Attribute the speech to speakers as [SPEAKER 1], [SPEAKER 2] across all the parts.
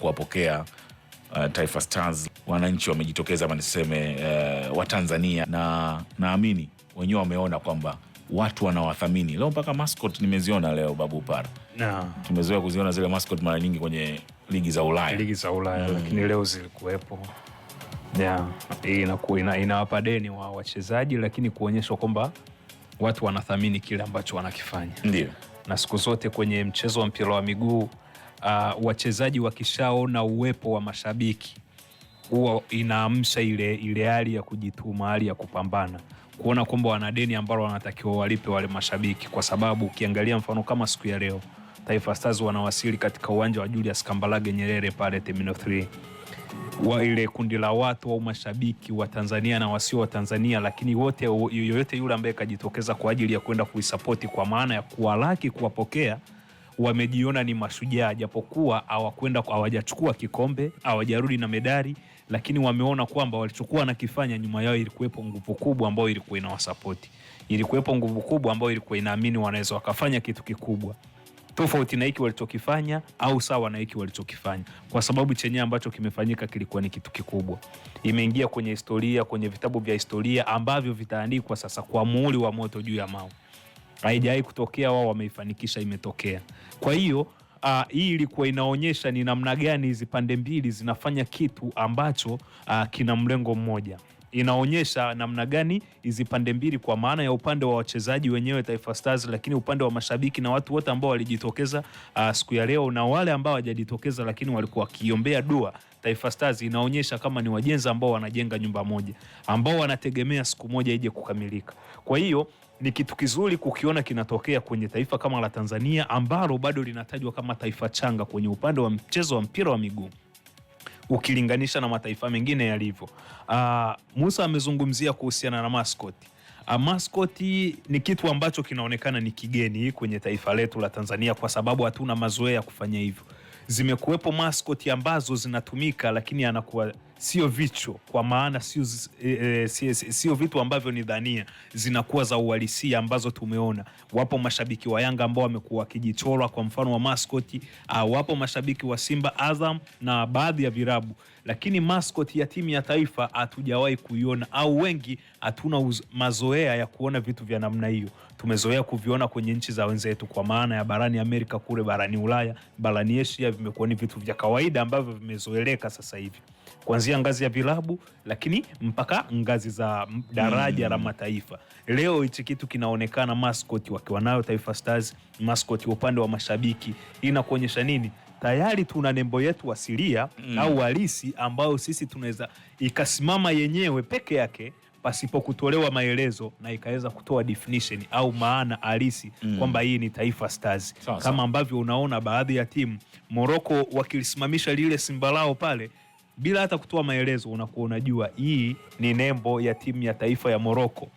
[SPEAKER 1] kuwapokea uh, Taifa Stars. Wananchi wamejitokeza ama niseme uh, Watanzania, na naamini wenyewe wameona kwamba watu wanawathamini leo. Mpaka mascot nimeziona leo Babu Par na Tumezoea kuziona zile mascot mara nyingi kwenye ligi za Ulaya,
[SPEAKER 2] ligi za Ulaya mm. Lakini leo zilikuwepo yeah. Ina, inawapa deni wa wachezaji, lakini kuonyeshwa kwamba watu wanathamini kile ambacho wanakifanya, ndio na siku zote kwenye mchezo wa mpira wa miguu uh, wachezaji wakishaona uwepo wa mashabiki huwa inaamsha ile ile hali ya kujituma, hali ya kupambana, kuona kwamba wana deni ambalo wanatakiwa walipe wale mashabiki, kwa sababu ukiangalia mfano kama siku ya leo Taifa Stars wanawasili katika uwanja wa Julius Kambarage Nyerere pale Terminal 3 wa ile kundi la watu au wa mashabiki wa Tanzania na wasio wa Tanzania, lakini wote yoyote yule ambaye kajitokeza kwa ajili ya kwenda kuisapoti kwa maana ya kuwalaki, kuwapokea wamejiona ni mashujaa, japokuwa hawakwenda hawajachukua kikombe, hawajarudi na medali, lakini wameona kwamba walichokuwa nakifanya nyuma yao ilikuwepo nguvu kubwa ambayo ilikuwa inawasapoti, ilikuwepo nguvu kubwa ambayo ilikuwa inaamini wanaweza wakafanya kitu kikubwa tofauti na hiki walichokifanya au sawa na hiki walichokifanya, kwa sababu chenye ambacho kimefanyika kilikuwa ni kitu kikubwa. Imeingia kwenye historia, kwenye vitabu vya historia ambavyo vitaandikwa sasa kwa muhuri wa moto juu ya mawe haijawahi kutokea, wao wameifanikisha, imetokea. Kwa hiyo Uh, hii ilikuwa inaonyesha ni namna gani hizi pande mbili zinafanya kitu ambacho uh, kina mlengo mmoja. Inaonyesha namna gani hizi pande mbili, kwa maana ya upande wa wachezaji wenyewe Taifa Stars, lakini upande wa mashabiki na watu wote ambao walijitokeza uh, siku ya leo na wale ambao hawajajitokeza lakini walikuwa wakiombea dua Taifa Stars, inaonyesha kama ni wajenzi ambao wanajenga nyumba moja, ambao wanategemea siku moja ije kukamilika. Kwa hiyo ni kitu kizuri kukiona kinatokea kwenye taifa kama la Tanzania ambalo bado linatajwa kama taifa changa kwenye upande wa mchezo wa mpira wa miguu ukilinganisha na mataifa mengine yalivyo. Uh, Musa amezungumzia kuhusiana na maskoti. Uh, ah, maskoti ni kitu ambacho kinaonekana ni kigeni kwenye taifa letu la Tanzania kwa sababu hatuna mazoea ya kufanya hivyo zimekuwepo maskoti ambazo zinatumika, lakini anakuwa sio vicho kwa maana sio e, e, vitu ambavyo ni dhania, zinakuwa za uhalisia ambazo tumeona. Wapo mashabiki wa Yanga ambao wamekuwa wakijichora kwa mfano wa maskoti, wapo mashabiki wa Simba, Azam na baadhi ya virabu, lakini maskoti ya timu ya taifa hatujawahi kuiona, au wengi hatuna mazoea ya kuona vitu vya namna hiyo. Tumezoea kuviona kwenye nchi za wenzetu, kwa maana ya barani Amerika, kule barani Ulaya, barani Asia vimekuwa ni vitu vya kawaida ambavyo vimezoeleka sasa hivi kuanzia ngazi ya vilabu lakini mpaka ngazi za daraja la hmm. mataifa. Leo hichi kitu kinaonekana maskoti wakiwa nayo Taifa Stars, maskoti upande wa mashabiki, inakuonyesha nini? Tayari tuna nembo yetu asilia mm. au halisi ambayo sisi tunaweza ikasimama yenyewe peke yake pasipo kutolewa maelezo na ikaweza kutoa definition au maana halisi mm. kwamba hii ni Taifa Stars so, kama ambavyo unaona baadhi ya timu Moroko wakilisimamisha lile simba lao pale bila hata kutoa maelezo, unakuwa unajua hii ni nembo ya timu ya taifa ya Moroko.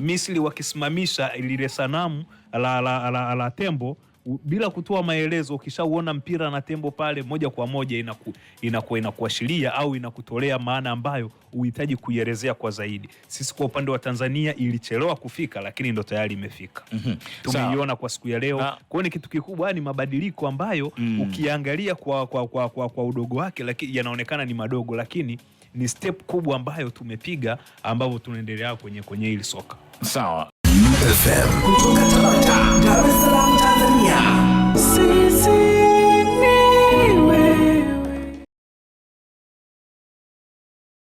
[SPEAKER 2] Misri wakisimamisha lile sanamu la, la, la, la, la tembo bila kutoa maelezo, ukishauona mpira na tembo pale, moja kwa moja inaku, inaku, inakuashiria au inakutolea maana ambayo uhitaji kuielezea kwa zaidi. Sisi kwa upande wa Tanzania ilichelewa kufika, lakini ndo tayari imefika. mm -hmm. Tumeiona kwa siku ya leo. Kwa ni kitu kikubwa, ni mabadiliko ambayo mm. ukiangalia kwa, kwa, kwa, kwa, kwa udogo wake lakini yanaonekana ni madogo, lakini ni step kubwa ambayo tumepiga ambavyo tunaendelea kwenye kwenye hili soka.
[SPEAKER 1] Sawa FM. 流浪者的娘。